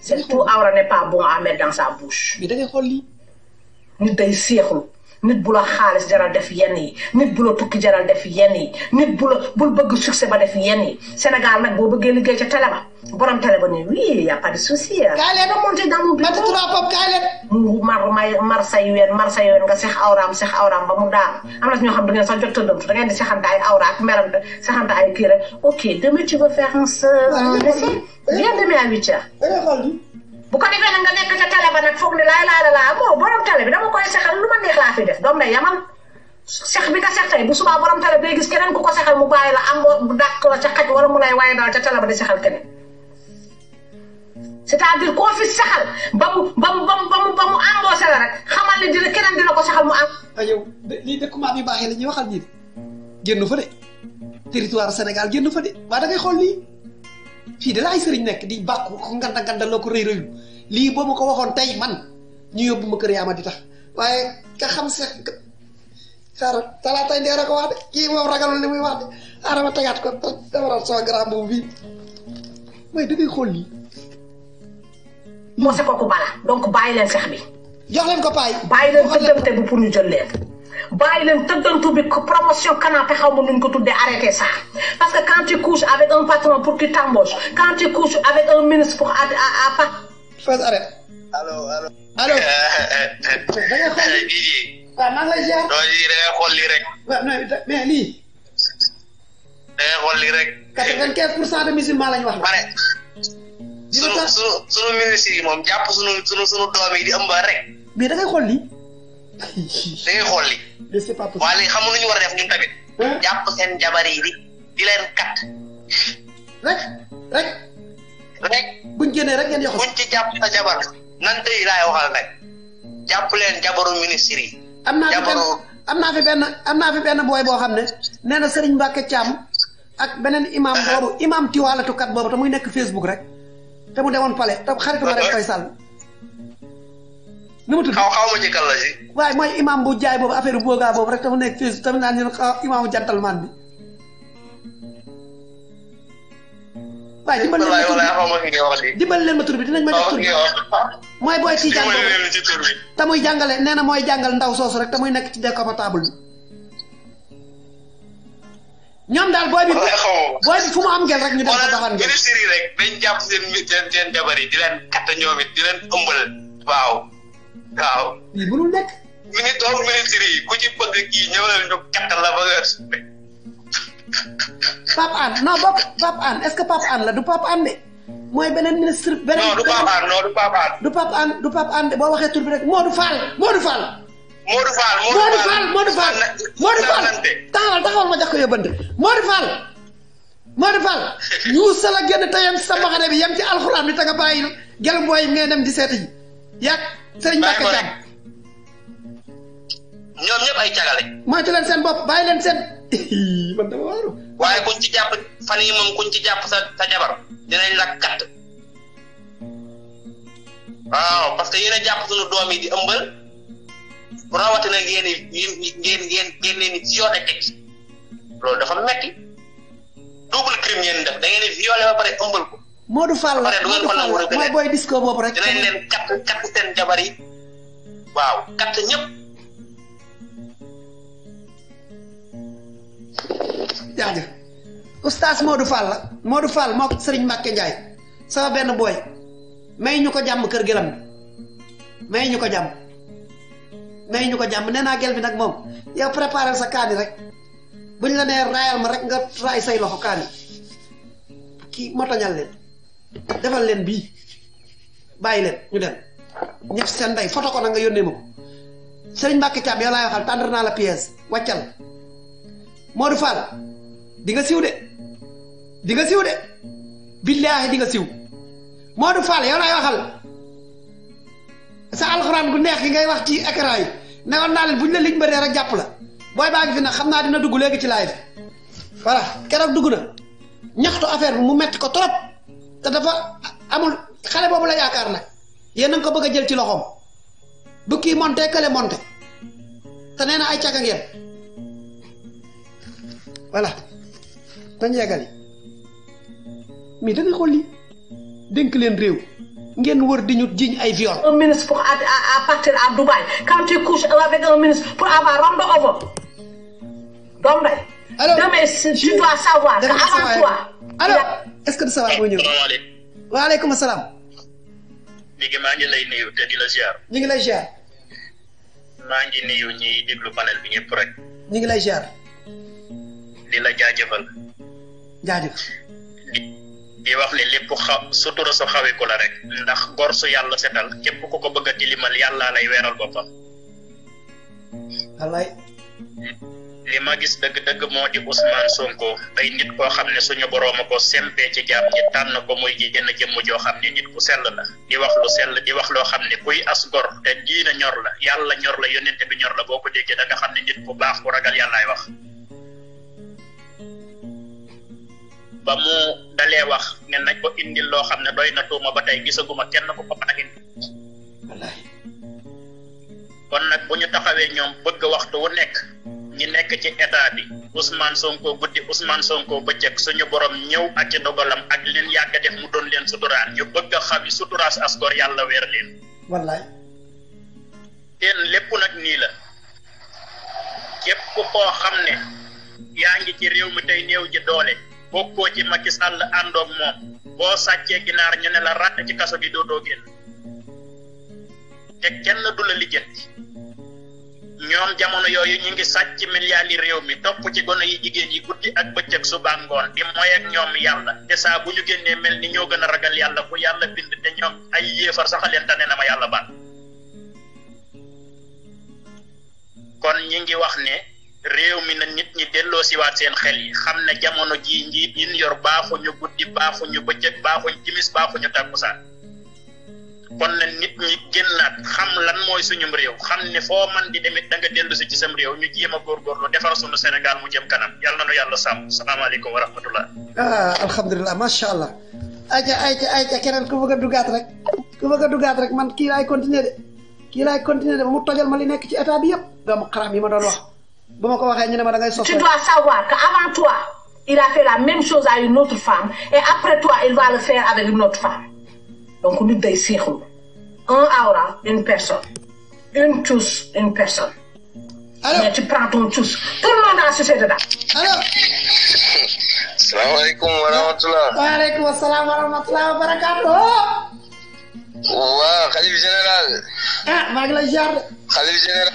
c'est tout aura n'est pas bon à mettre dans sa bouche mi da ngay xol li nit day seexlu nit bu la xaalis jaral def yenn yi nit bu la tukki jaral def yenn yi nit bu la bul bëgg succès ba def yenn yi Sénégal nag boo bëggee liggéey ca télé ba borom télé ba ne oui y' a pas de souci. kaay leen remonté dans mon bureau. mati mu mar may marsay ween marsay ween nga seex awraam seex awraam ba mu daal am na si ñoo xam da ngeen sax jot tëddam da ngeen di seexante ay awra a meram de seexante ay kii rek ok demain tu vas faire un. ah bien demain à bu ko defee nag nga nekk ca télé ba nag foog ne laay laay la laa moom borom bi dama koy sexal lu ma neex laa fi def doom day yamal bi nga sex bu subaa borom télé day gis keneen ku ko sexal mu bàyyi la am bu dàq la ca xaj wala mu lay waaye daal ca télé ba di sexal keneen c'est-à-dire koo fi sexal ba mu ba mu ba mu ba mu embauché la rek xamal ne dina keneen dina ko sexal mu am. Ah, yow lii dëkkumaat yu baaxee la ñuy waxal ñii de génn fa de territoire Sénégal génn fa de waa da xool lii. fi de lay serigne nek di bakku ko nganta nganta loo ko reey reey li bo mako waxon tay man ñu yobbu ma keur yaama di tax waye ka xam sa tala tay ndera ko wax ki kii ragal ni muy wax de xaaral ma tagat ko defaral so gram bu bi mooy da ngay xool mo se ko ko bala donc bàyyi leen bi jox len ko paay bàyyi leen te bu pour ñu jël leen bàyyi leen tëggantu bi promotion canapé xaw ma nuñ ko tuddee arrêté ça parce que quand tu couches avec un patron pour qu'il t'embauche quand tu couches avec un ministre pour à à à. Fass arrête. allo allo. allo. Eh, eh, eh, da nga xool lii. waaw maa ngi lay ziar. non lii da ngay xool rek. waaw mais lii. da ngay xool lii rek. quatre ma ne. sunu sunu sunu ministre yi moom jàpp sunu sunu rek. mais dañuy xool li waa léegi xam lu ñu war a def ñun tamit jàpp seen jabar yi di di kat rek rek rek buñ génnee rek ngeen yoxo buñ jàpp sa jabar nante yi laay waxal rek jàpp leen jabaru ministre am naa fi am naa fi benn am naa fi benn booy boo xam ne nee na Serigne Mbacke Thiam ak beneen imam boobu imam tiwaalatukat boobu te muy nekk Facebook rek te mu demoon pale te xarituma rek koy sàll nu mu tudd si imam bu jaay affaire rek dafa imam gentleman bi waaye dimbal leen ma bi dimbal leen ma bi dinañ ma def ci muy ndaw rek muy ci décapotable bi bi bi fu mu am gel rek ñu dem gel rek dañ japp seen seen jabar yi di leen katta ñoomit di leen ëmbal waaw waaw. lii mënul nekk. mi ngi toog yi ku ci bëgg kii ñëw leen ñu la ba An non An est ce que An la du An de. mooy beneen ministre beneen. non du An non du An. du An du An de boo waxee tur bi rek Modou Fall Modou tayam sa bi ci alxuraan bi nga bàyyi ngay dem sëriñ Mbàkke Caam ñoom ñëpp ay cagale moytu leen seen bopp bàyyi leen seen man dama waaru waaye kuñ ci jàpp fan yi moom kuñ ci jàpp sa sa jabar dinañ la katt waaw parce que yéen a jàpp suñu doom yi di ëmbal rawatina ngeen ngeen ngeen ngeen leen ci yoon loolu dafa metti double crime ngeen def da ngeen violé ba pare ëmbal ko modou fall la modou fall boy disco bobu rek dinañ len kat kat sen jabar yi waaw kat ñep jaajëf oustaz modou fall la modou fall mok serigne mbacke ndjay sama ben boy may ñuko jam kër gelam may ñuko jam, may ñuko jam, neena gel bi nak mom yow préparer sa kaani rek buñ la né rayal ma rek nga ray say loxo kaani ki tañal leen defal len bi bayi len ñu dem ñëf sen ndey foto ko na nga yonne ma serigne mbacke Mbàkke yow laay waxal tandr na la pièce waccal Modou Fall di nga siw de di nga siw de billahi di nga siw Modou Fall yow waxal sa alxuraan gu neex yi ngay wax ci écran yi ne won na buñ la liñ bëree rek japp la boy baa fi na xamna dina dugg legi ci live voilà kérok dugg na ñaxtu affaire bi mu metti ko trop te dafa amul xale boobu la yaakaar nag yéen a ko bëgg a jël ci loxoom bu kii monte kële monte te nee ay càkk ngeen voilà dañ yeggal yi mais da nga leen réew ngeen wër di ñu jiñ ay viol. un ministre pour à à partir à Dubaï quand tu couches avec un ministre pour avoir romb ovo romb. alors demain est-ce que ça va bonjour wa alaykoum assalam ni ngi ma ngi lay nuyu te di la ziar ni ngi lay ziar ma ngi nuyu ñi déglu panel bi ñepp rek ni ngi lay ziar di la jaajeufal jaajeuf di wax ni lepp xam sutura so xawé ko la rek ndax gor su yalla setal képp ku ko bëgg di limal yalla lay wéral bopam li ma gis deug deug mo di Ousmane Sonko day nit ko xamne suñu borooma ko sempee ci jaam ñi tan ko muy gi jënn jëm jo xamne nit ku sel la di wax lu sel di wax lo xamne kuy asgor te diina ñor la yalla ñor la yonente bi ñor la boko ko da nga xamne nit ku baax ku ragal ay wax ba mu dalé wax ne nañ ko indi lo xamne doyna tuuma ba tay gisaguma kenn ko ko wallahi kon nak buñu taxawé ñom bëgg waxtu wu nekk ñi nekk ci état bi Ousmane Sonko guddi Ousmane Sonko bëccëg suñu borom ñëw ak ci dogalam ak leen yàgg def mu doon leen suturaal ñu bëgg a xam suturaas asgor yàlla weer leen wallaay teen lépp nag nii la képp koo xam ne yaa ngi ci réew mi tey néew ji doole bokkoo ci Macky Sall àndoog moom boo sàccee ginaar ñu ne la ci kaso bi dootoo génn te kenn du la lijjanti ñoom jamono yooyu ñu ngi sàcc milliards yi réew mi topp ci gono yi jigéen yi guddi ak bëccëg su bàngoon di moy ak ñoom yàlla te saa bu ñu génnee mel ni ñoo gën a ragal yàlla ku yàlla bind te ñoom ay yéefar sax tane na ma yàlla kon ñi ngi wax ne réew mi na nit ñi delloo waat seen xel yi xam jamono ji njiit yin yor baaxuñu guddi baaxuñu bëccëg baaxuñ timis baaxuñu takusa kon na nit ñi génnaat xam lan mooy suñum réew xam ne foo man di demit da dellu si ci réew ñu jéem a góorgóorlu defar suñu Sénégal mu jëm kanam yàlla na nu yàlla sàmm salaamaaleykum wa rahmatullah ah a a dugaat rek man kii laay continuer de kii laay continuer de mu tojal ma li nekk ci état bi yépp doomu xaram yi ma doon wax bu ma ko waxee ñu ne ma da sos tu dois savoir avant toi il a fait la même chose à une femme et après toi il va le faire donc nous day siixlu un aura une personne une tous une personne. alors mais tu prends ton tous tout le monde a associé dedans. alors. alaikum wa rahmatullah. Wa alaikum wa salam wa barakaatu. wa xalif général. ah maa ngi Khalif général.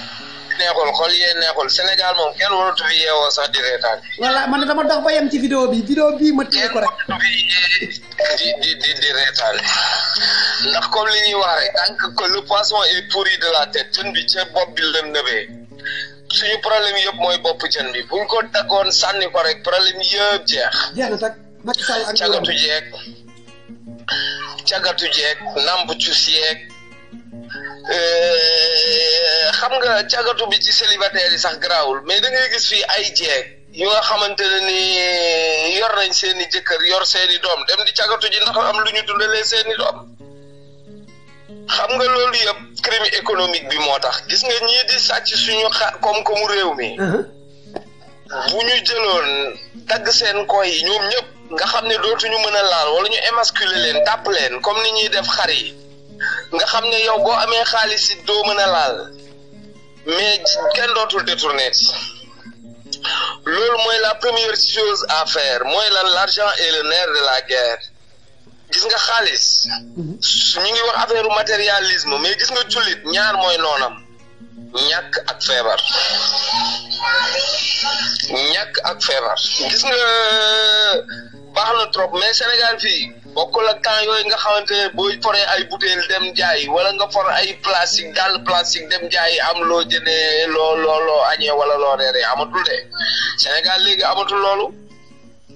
neexul xol yee neexul Sénégal moom kenn warut fi yeewoo sax di reetaan. voilà man dama dox ba yem ci vidéo bi vidéo bi ma téye ko rek. di di di di reetaan ndax comme li ñuy wax rek tant que le poisson est pourri de la tête tun bi ca bopp bi lëm nëbee suñu problème yëpp mooy bopp jën bi buñ ko daggoon sànni ko rek problème yëpp jeex. jeex na tak Macky Sall ak cagatu jeeg cagatu jeeg nambu cus yeeg Euh, xam nga càggatu bi ci célibataire yi sax garaawul mais dangay gis fii ay jeeg yu nga xamante ne ni yor nañ seeni jëkkër yor seeni doom dem di càggatu ji ndax am lu ñu dundalee seeni doom xam nga loolu yëpp crime économique bi moo tax gis nga ñii di sàcc suñu xa koom-koomu réew mi uh-huh. bu ñu jëloon dagg seen koy yi ñoom ñëpp nga xam ne dootuñu mën a laal wala ñu émasculer leen tàpp leen comme ni ñuy def xar yi nga xam ne yow boo amee xaalis yi doo mën a laal mais kenn dootul détourné loolu mooy la première chose à faire mooy lan l'argent est le nerf de la guerre gis nga xaalis mhm. ñu ngi wax affaire matérialisme mais gis nga jullit ñaar mooy noonam ñàkk ak feebar ñàkk ak feebar gis nga baax na trop mais Sénégal fii bokkul ak temps yooyu nga xamante ne booy foree ay butéel dem jaay wala nga for ay plastique dàll plastique dem jaay am loo jëndee loo loo loo wala loo reeree amatul de Sénégal léegi amatul loolu.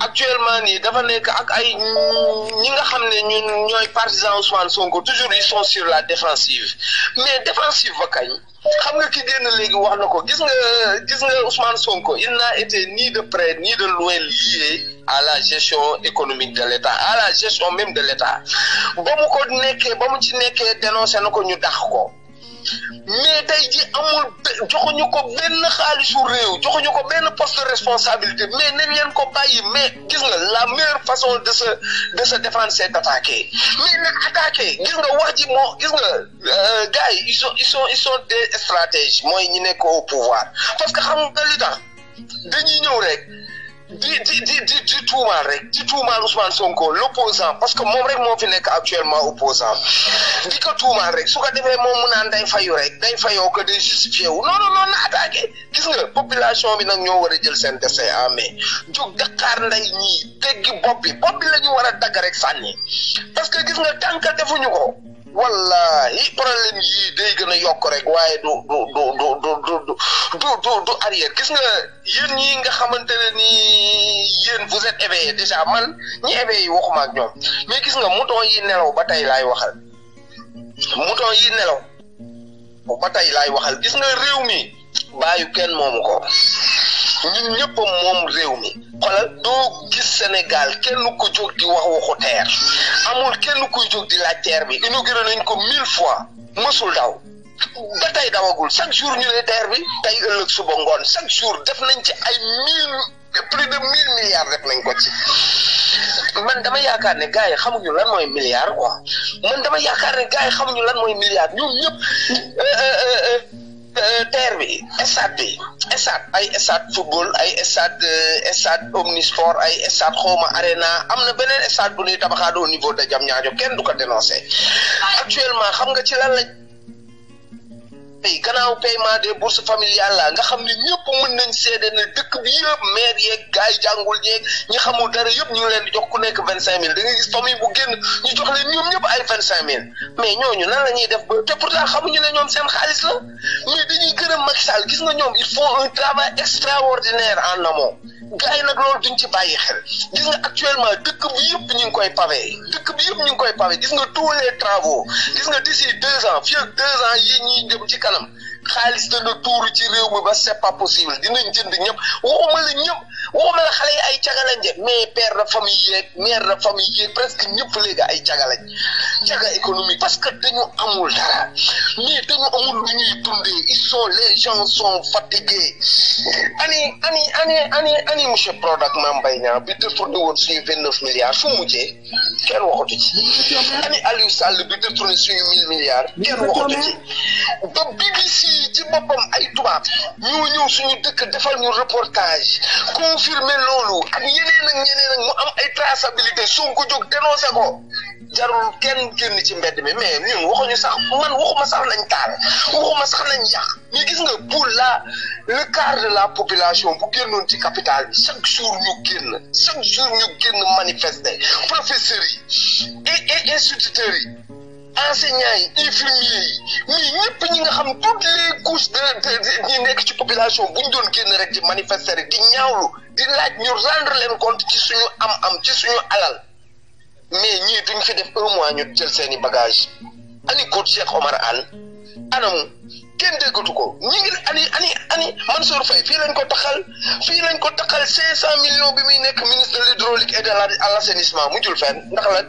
Aktuelman ni, davane ak ay, nyinga khamne nyo yon partizan Ousmane Sonko, toujou li son sir la defransiv. Men defransiv wakay, khamne ki dene legi wak no ko. Dis nge Ousmane Sonko, il na ete ni de pre, ni de lwen liye a la jesyon ekonomik de l'Etat, a la jesyon menm de l'Etat. Bon mou kou neke, bon mou ti neke denonsen no ko nyo dak kon. mais tay ji amul joxuñu ko benn xaalisu réew joxuñu ko benn poste de responsabilité mais nañ leen ko bàyyi mais gis nga la meilleure façon de se de se défendre c'est d'attaquer mais nag attaquer gis nga wax ji moo gis nga euh, gars yi ils sont ils sont ils sont des stratèges mooy ñi nekk au pouvoir parce que xam nga li tax dañuy ñëw rek. di di di di di tuumaal rek di tuumaal Ousmane Sonko l'opposant parce que moom rek moo fi nekk actuellement opposant di ko tuumaal rek su ko defee moom mu naan day fayu rek day fayoo que day justifié wu non non gis nga population bi nag ñoo war a jël seen destin en main jóg daqaar nday ñii teggi bopp bi bopp bi la ñu war a dagg rek sànni parce que gis nga tànk defuñu ko. wallahi problème yii day gën yokk rek waaye du du du du du du du du du arrière gis nga yéen ñi nga xamante ne ni yéen vous êtes éveillé déjà man ñi éveillé waxuma ak ñoom mais gis nga mouton yi nelaw ba tey laay waxal mouton yi nelaw ba tey laay waxal gis nga réew mi. baayu kenn moomu ko ñun ñëpp moom réew mi wala doo gis Sénégal kenn ko jóg di wax waxu teer amul kenn kuy jóg di laaj teer bi inauguré nañ ko mille fois mësul daw ba tey dawagul chaque jour ñu ne teer bi tey ëllëg suba ngoon chaque jour def nañ ci ay mille plus de mille milliards def nañ ko ci man dama yaakaar ne gars yi xamuñu lan mooy milliard quoi man dama yaakaar ne gars yi xamuñu lan mooy milliard ñoom ñëpp. Euh, euh, euh, Euh, terre bi stade bi stade ay stade football ay stade euh, stade omnisport ay stade xawma arena am na beneen stade bu ñuy tabaxaat au niveau de Diamniadio kenn du ko dénoncé actuellement xam nga ci lan lañ tey gannaaw paiement des bourses familiales la nga xam ne ñëpp mën nañ seede ne dëkk bi yëpp maire yeeg gars yi jàngul yeeg ñi xamul dara yëpp ñu leen di jox ku nekk vingt cinq mille da nga gis famille bu génn ñu jox leen ñoom ñëpp ay vingt cinq mille mais ñooñu nan la ñuy def ba te pourtant xamuñu ne ñoom seen xaalis la mais dañuy gërëm Macky gis nga ñoom ils font un travail extraordinaire en amont gars yi nag loolu duñ ci bàyyi xel gis nga actuellement dëkk bi yëpp ñu ngi koy pavé dëkk bi yëpp ñu ngi koy pavé gis nga tu les travaux gis nga d'ici deux ans fii deux ans yi ñuy dem ci kanam xaalis dana tuuru ci réew mi ba c'est pas possible dinañ jënd ñëpp waxuma la ñëpp. waxuma la xale yi ay caga de mais père de famille yeeg mère de famille yeeg presque ñëpp léegi ay caga lañ caga économique parce que dañu amul dara mais dañu amul lu ñuy dundee ils sont les gens sont fatigués ani ani ani ani ani monsieur Prodac Mame Mbaye Niang bi détourné woon suñu vingt neuf milliards fu mujjee kenn waxatu ci ani Aliou Sall bi détourné suñu mille milliards kenn waxatu ci ba BBC ci boppam ay tubaab ñoo ñëw suñu dëkk defal ñu reportage confirmer loolu ak yeneen ak yeneen ak mu am ay traçabilité Sonko jóg dénoncé ko jarul kenn génn ci mbedd mi mais ñun waxuñu sax man waxuma sax nañ taal waxuma sax nañ yàq mais gis nga pour la le quart de la population bu génnoon ci capitale bi chaque jour ñu génn chaque jour ñu génn manifester professeurs yi et et instituteurs yi. enseignants yi infirmiers yi mais ñëpp ñi nga xam toutes les couches de ñi nekk ci population bu ñu doon génn rek di manifester rek di ñaawlu di laaj ñu rendre leen compte ci suñu am-am ci suñu alal mais ñii duñ fi def un mois ñu jël seeni bagage ani coach Cheikh Omar Anne anamu kenn déggatu ko ñi ngi ani ani ani Mansour Faye fii lañ ko taxal fii lañ ko taxal cinq cent millions bi muy nekk ministre de et de l'assainissement mu jul fenn ndax la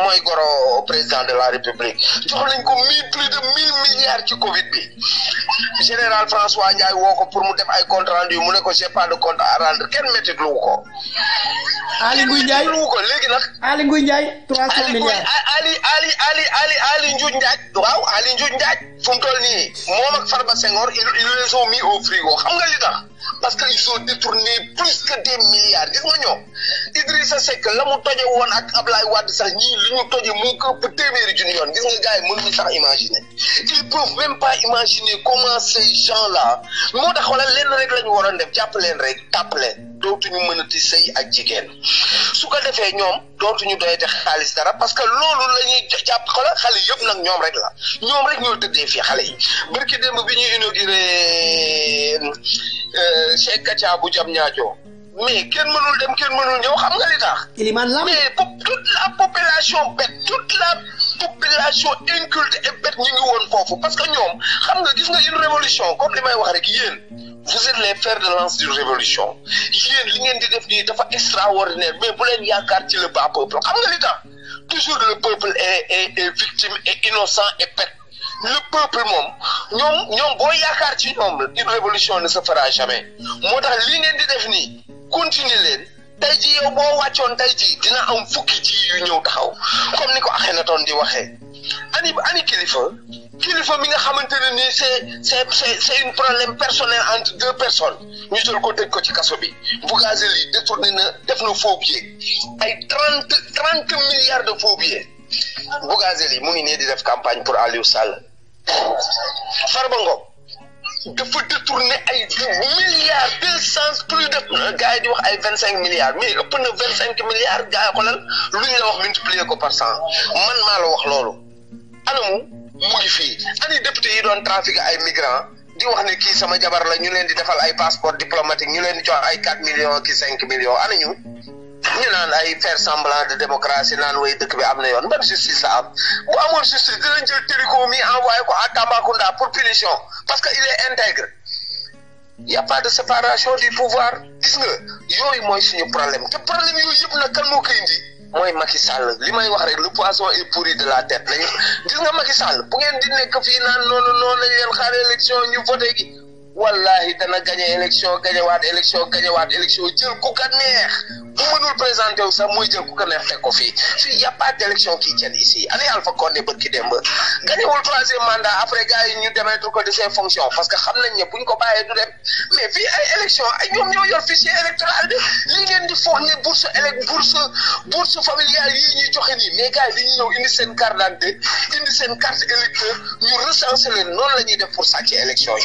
moy goro président de la république jox nañ ko mille plus de 1000 milliards ci covid bi général françois ndiaye woko pour mu def ay compte rendu mu ne ko c'est pas de compte à rendre ken metti lu ko ali nguy ndiaye lu ko legui nak ali nguy ndiaye 300 milliards ali ali ali ali ali njuj ndiaye waw ali njuj ndiaye fum tol ni mom ak farba senghor ils les ont mis au frigo xam nga li tax parce que ils ont détourné plus que des milliards gis nga ñoo idrissa sek lamu toje won ak ablaye wad sax ñi li ñu tojee moo ko ëpp téeméeri junni yoon gis nga gars yi mënuñu sax imaginer ils peuvent même pas imaginer comment ces gens là moo tax wala lenn rek la ñu waroon def jàpp leen rek tàpp leen dootuñu mënati sëy ak jigéen su ko defee ñoom dootuñu doyate xaalis dara parce que loolu la ñuy jàpp xoolal xale yëpp nag ñoom rek la ñoom rek ñoo tëddee fii xale yi barki démb bi ñuy inauguré euh, Cheikh Kacha bu jam ñaajoo mais kenn mënul dem kenn mënul ñëw xam nga li tax. Elimane mais toute la population bête toute la population inculte et bête ñu ngi woon parce que nous xam nga gis nga une révolution comme les may wax rek vous êtes les fers de lance d'une révolution yéen li ngeen di def dafa extraordinaire mais bu leen yaakaar ci le bas peuple xam nga li toujours le peuple est est est victime et innocent et bête. le peuple moom nous ñoom boo yaakaar ci une révolution ne se fera jamais moi dans li ngeen di def continuer leen tey ji yow boo wàccoon tey ji dina am fukki ji yu ñëw taxaw comme ni ko Akhenaton di waxee ani ani kilifa kilifa mi nga xamante ne nii c'est c'est c'est c'est une problème personnel entre deux personnes ñu jël ko tëj ko ci kaso bi Bougazelli détourné na def na faux billets ay trente trente milliards de faux billets Bougazelli mu ngi ne di def campagne pour Aliou Sall Farba Ngom dafa détourné ay milliards deux cent plus de ah. gars yi di wax ay vingt cinq milliards mais ëpp na vingt cinq milliards gars yi lu ñu la wax multiplier ko par cent man maa la wax loolu anamu mu ngi fii ani député yi doon trafiqué ay migrants di wax ne kii sama jabar la ñu leen di defal ay passeport diplomatique ñu leen di jox ay quatre millions kii cinq millions anañu ñu naan ay faire semblant de démocratie naan way dëkk bi am na yoon ban justice la am bu amoon justice dinañ jël Téliko mi envoyé ko à Tambacounda pour punition parce que il est intègre y a pas de séparation du pouvoir gis nga yooyu mooy suñu problème te problème yooyu yëpp nag kan moo koy mooy Macky Sall li may wax rek le poisson est pourri de la tête lañu gis nga Macky Sall bu ngeen di nekk fii naan noonu noonu lañ leen xaar élection ñu voté gi wallahi dana gañe élection gañewaat élection gañewaat élection jël ku ko neex bu mënul présenté wu sax muy jël ku ko neex fekk ko fii fii y a pas d' élection qui tienne ici année Alpha Condé bërki démb gañewul troisième mandat après gars yi ñu démettre ko de ses fonctions parce que xam nañ ne buñ ko bàyyee du dem mais fii ay élection ay ñoom ñoo yor fichier électoral bi li ngeen di foog ne bourse élec bourse bourse familiale yi dañuy ñëw indi seen carte d'identité indi seen carte électeur ñu recenser leen noonu la ñuy def pour sàcc élection yi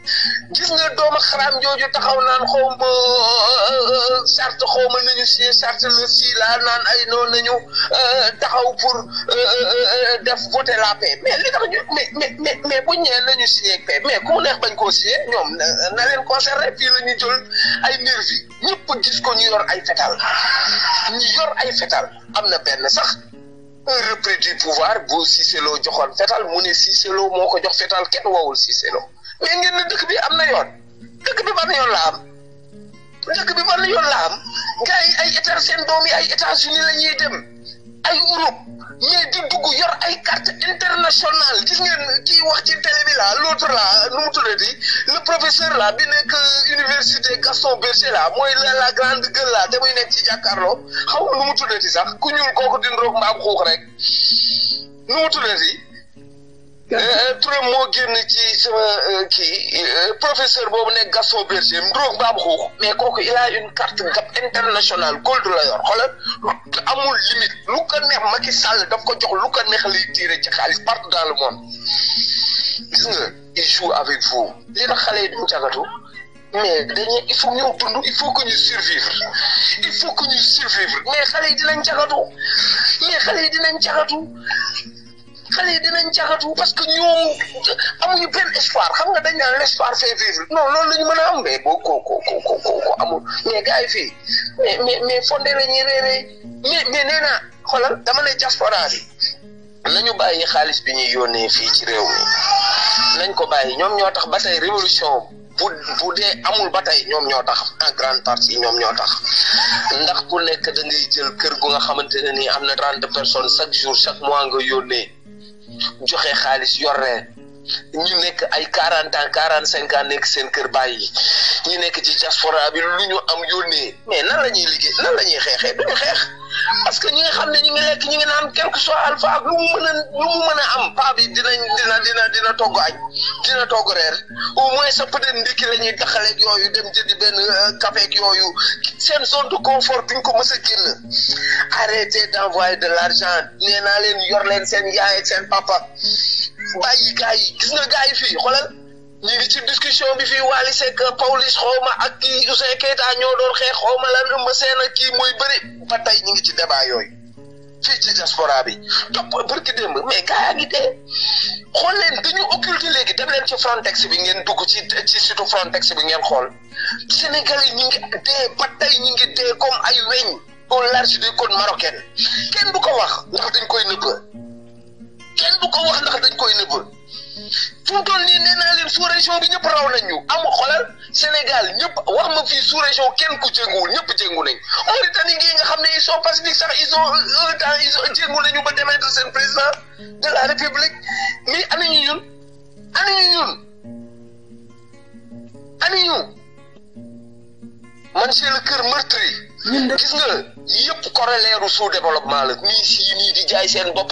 gis nga doomu xaraam jooju taxaw naan xaw ma euh, charte xaw ma nañu si charte la si laa naan ay noon noonu nañu euh, taxaw pour euh, def voter la paix mais li tax ñu mais mais mais buñ ñëwee nañu signé ak paix mais ku neex bañ koo signé ñoom na leen concerné fii la ñu jël ay nervi ñëpp gis ko ñu yor ay fetal ñu yor ay fetal am na benn sax un repris du pouvoir bu Cissé Lo joxoon fetal mu ne Cissé Lo moo ko jox fetal kenn wowul Cissé selo mais ngeen ne dëkk bi am na yoon dëkk bi ban yoon la am dëkk bi ban yoon la am gars ay état seen doom yi ay États-Unis la ñuy dem ay Europe mais di dugg yor ay carte internationale gis ngeen kii wax ci télé bi la l'autre la nu mu tuddati le professeur la bi nekk université Gaston Berger la mooy la la grande gueule la te muy nekk ci jàkkaarloo xaw ma nu mu tuddati sax ku ñuul kooku di ndoog mbaam xuux rek nu mu tuddati très moo génn ci sama kii professeur boobu nekk Gaston Berger Ndour Babou mais kooku il a une carte gab internationale gold la yor xoolal amul limite lu ko neex Macky Sall daf ko jox lu ko neex li tiire ci xaalis partout dans le monde gis nga il joue avec vous li na xale yi duñ mais dañuy il faut ñëw dund il faut que ñu survivre il faut que ñu survivre mais xalé yi dinañ jagatu mais xalé yi dinañ jagatu xale yi dinañ jaxatu parce que ñoom amuñu benn espoir xam dañ naan l'espoir fait vivre non loolu la ñu mën a am mais ko ko ko ko amul mais gars yi fii mais mais mais fonde la ñuy réeree mais mais dama ne diaspora bi nañu bàyyi xaalis bi ñuy yónnee fii ci réew mi nañ ko bàyyi ñoom ñoo tax ba tey révolution bu amul ba tey ñoom ñoo tax en grande partie ñoom ñoo tax ndax ku nekk da jël kër gu nga xamante ne nii am na trente personnes chaque jour chaque mois nga yónnee. joxe xaalis yor ñu nekk ay quarante ans quarante cinq ans nekk seen kër bàyyi ñi nekk ci diaspora bi lu ñu am yónnee mais nan la ñuy liggéey nan la ñuy xeexee duñu parce que ñi nga xam ne ñi ngi ngi naan quel que soit alpha ak lu mu mën a lu mu mën a am paa bi dinañ dina dina dina togg añ dina togg reer o moins sa peut-être ndékki la ñuy taxaleeg yooyu dem jëndi benn euh, caféeg yooyu seen zone de confort duñ ko mës a génn arrêtez d'envoyer de l'argent nee naa leen yor leen seen yaay seen papa bàyyi gars yi gis nga gars yi fii xoolal ñu ngi ci discussion bi fii Wally Seck Pawlish xawma ak kii Ouzin Keita ñoo doon xeex xawma lan ëmb seen ak kii mooy bëri ba tey ñu ngi ci débat yooyu fii ci diaspora bi topp barki démb mais gars yaa ngi dee xool leen dañu occulté léegi dem leen ci Frontex bi ngeen dugg ci ci surtout Frontex bi ngeen xool Sénégal yi ñu ngi te ba tey ñu ngi te comme ay weñ au large du côte marocaine kenn du ko wax ndax dañ koy nëbb kenn du ko wax ndax dañ koy nëbb fu mu toll nii nee naa leen sous région bi ñëpp raw nañ ñu am xolal Sénégal ñëpp wax ma fii sous kenn ku jénguwul ñëpp jéngu nañ Mauritanie ngi nga xam ne ils sont pacifiques sax ils ont un temps ils ont jéngu nañu ba démettre seen président de la république mais ana ñu ñun ana ñu ñun ana ñu man c'est le cœur meurtri gis nga yëpp corollaire sous développement la ñii sii nii di jaay seen bopp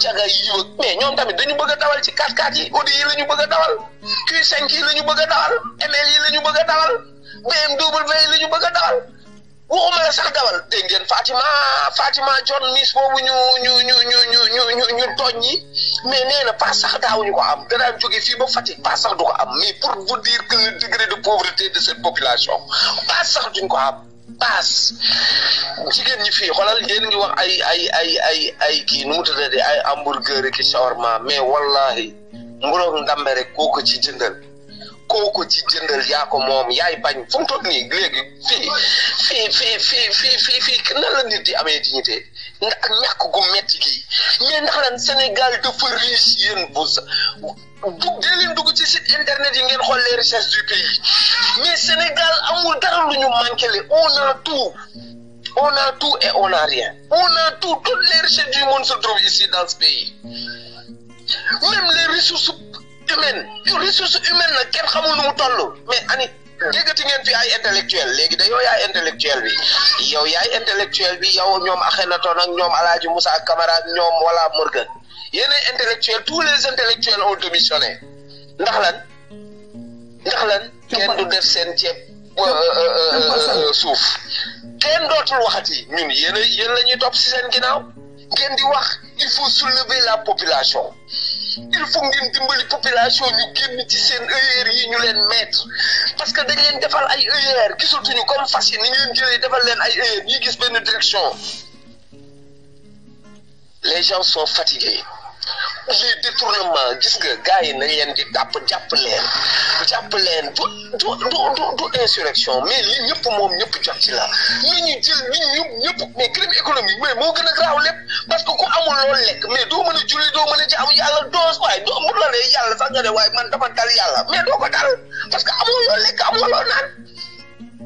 caga yi mais ñoom tamit dañu bëgg a dawal ci 4x4 yi Audi yi ñu bëgg a dawal Q5 yi la ñu bëgg a dawal ML yi la ñu bëgg a dawal BMW yi la ñu bëgg a dawal waxuma la sax dawal dégg ngeen Fatima Fatima John Miss boobu ñu ñu ñu ñu ñu ñu ñu tooñ ñi mais nee na pas sax daawuñu ko am danaan jóge fii ba Fatick pas sax du ko am mais pour vous dire que le degré de pauvreté de cette population pas sax duñ ko am. paas jigéen ñi fii xoolal yéen ngi wax ay ay ay ay ay kii nu mu tuddati ay hamburger ki shawarma mais wallahi mburoog ndambe rek koo ci jëndal koo ci jëndal yaa ko moom yaay bañ fu mu toog nii léegi fii fii fii fii fii fii fii nan la nit di amee dignité ndax ñàkk gu metti gi mais Sénégal de riche yéen bu sa dug dee leen dugg ci site internet yi ngeen xool les du pays mais Sénégal amul dara lu ñu manqué on a tout on a tout et on a rien on a tout toutes les richesses du monde se trouvent ici dans ce pays même les ressources humaines les ressources humaines nag kenn xamul nu mu mais ani déggati ngeen fi ay intellectuel léegi dañoo yaay intellectuel bi yow yaay intellectuel bi yow ñoom Akhenaton ak ñoom a Moussa Camara ak ñoom wala Morgan yeneen intellectuel tous les intellectuels ont démissionné ndax lan ndax lan kenn du def seen ceeb euh, euh, euh, suuf kenn dootul waxati ñun yéen yéen la ñuy topp si seen ginnaaw ngeen di wax il faut soulever la population il faut ngeen dimbali population ñu génn ci seen erreur yi ñu leen mettre parce que dañ leen defal ay erreur gisatuñu comme fas yi ni ñu leen jëlee defal leen ay erreur ñuy gis benn direction les gens sont fatigués. les détournements gis nga gars yi nañ leen di dàpp jàpp leen jàpp leen du du du du insurrection mais li ñëpp moom ñëpp jot ci la li ñu jël li ñu ñëpp mais crime économique mais moo gën graaw lépp parce que amul loolu lekk mais doo mën a julli doo mën a jaamu yàlla doos waaye doo mun la ne yàlla sax waaye man dama dal yàlla mais doo ko dal parce que amoo loolu lekk amoo loolu naan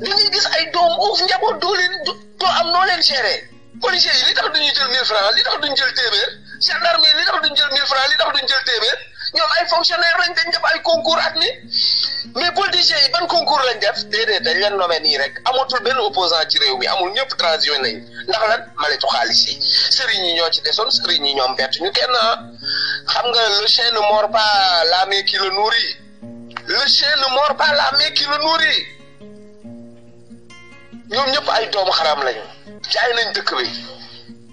dañuy gis ay doom uuf njaboot doo leen doo am noo leen géré policiers yi li tax duñu jël mille francs li tax duñu jël gendarme yi li tax duñ jël mille francs li tax duñ jël téeméer ñoom ay fonctionnaire lañ dañ def ay concours at mi mais politiciens yi ban concours lañ def déedéet dañ leen nommé nii rek amatul benn opposant ci réew mi amul ñëpp transition nañ ndax lan maletu xaalis yi sëriñ ñoo ci desoon sëriñ yi ñoom bett ñu kenn ah. xam nga le chien ne mord pas la main qui le nourrit le chien ne pas la main qui le ñoom ñëpp ay doomu xaraam lañu jaay nañ dëkk bi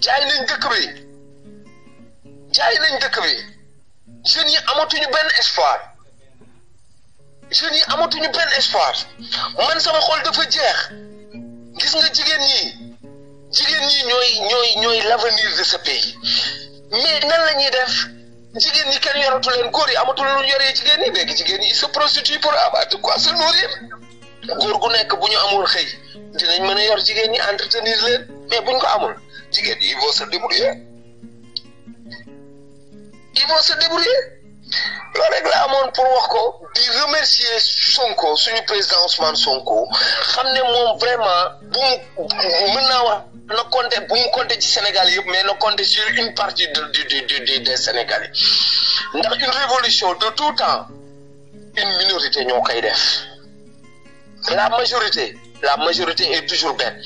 jaay nañ dëkk bi. jaay lañ dëkk bi jeunes yi amatuñu benn espoir jeunes yi amatuñu benn espoir man sama xol dafa jeex gis nga jigéen ñi jigéen ñi ñooy ñooy ñooy l'avenir de ce pays mais nan la ñuy def jigéen ñi kenn yoratu leen góor yi amatul lu ñu yoree jigéen ñi léegi jigéen ñi se prostitue pour avoir de quoi se nourrir góor gu nekk bu ñu amul xëy dinañ mën a yor jigéen ñi entretenir leen mais buñ ko amul jigéen ñi il faut se débrouiller ils vont se débrouiller Le règlement pour wax ko di remercier Sonko son président Ousmane Sonko qui a vraiment nous mu Sénégal mais nous compter sur une partie du des Sénégalais Dans une révolution de tout temps une minorité n'y pas def la majorité la majorité est toujours bête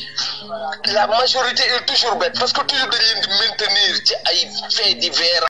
la majorité est toujours bête parce que toujours de maintenir ci faits divers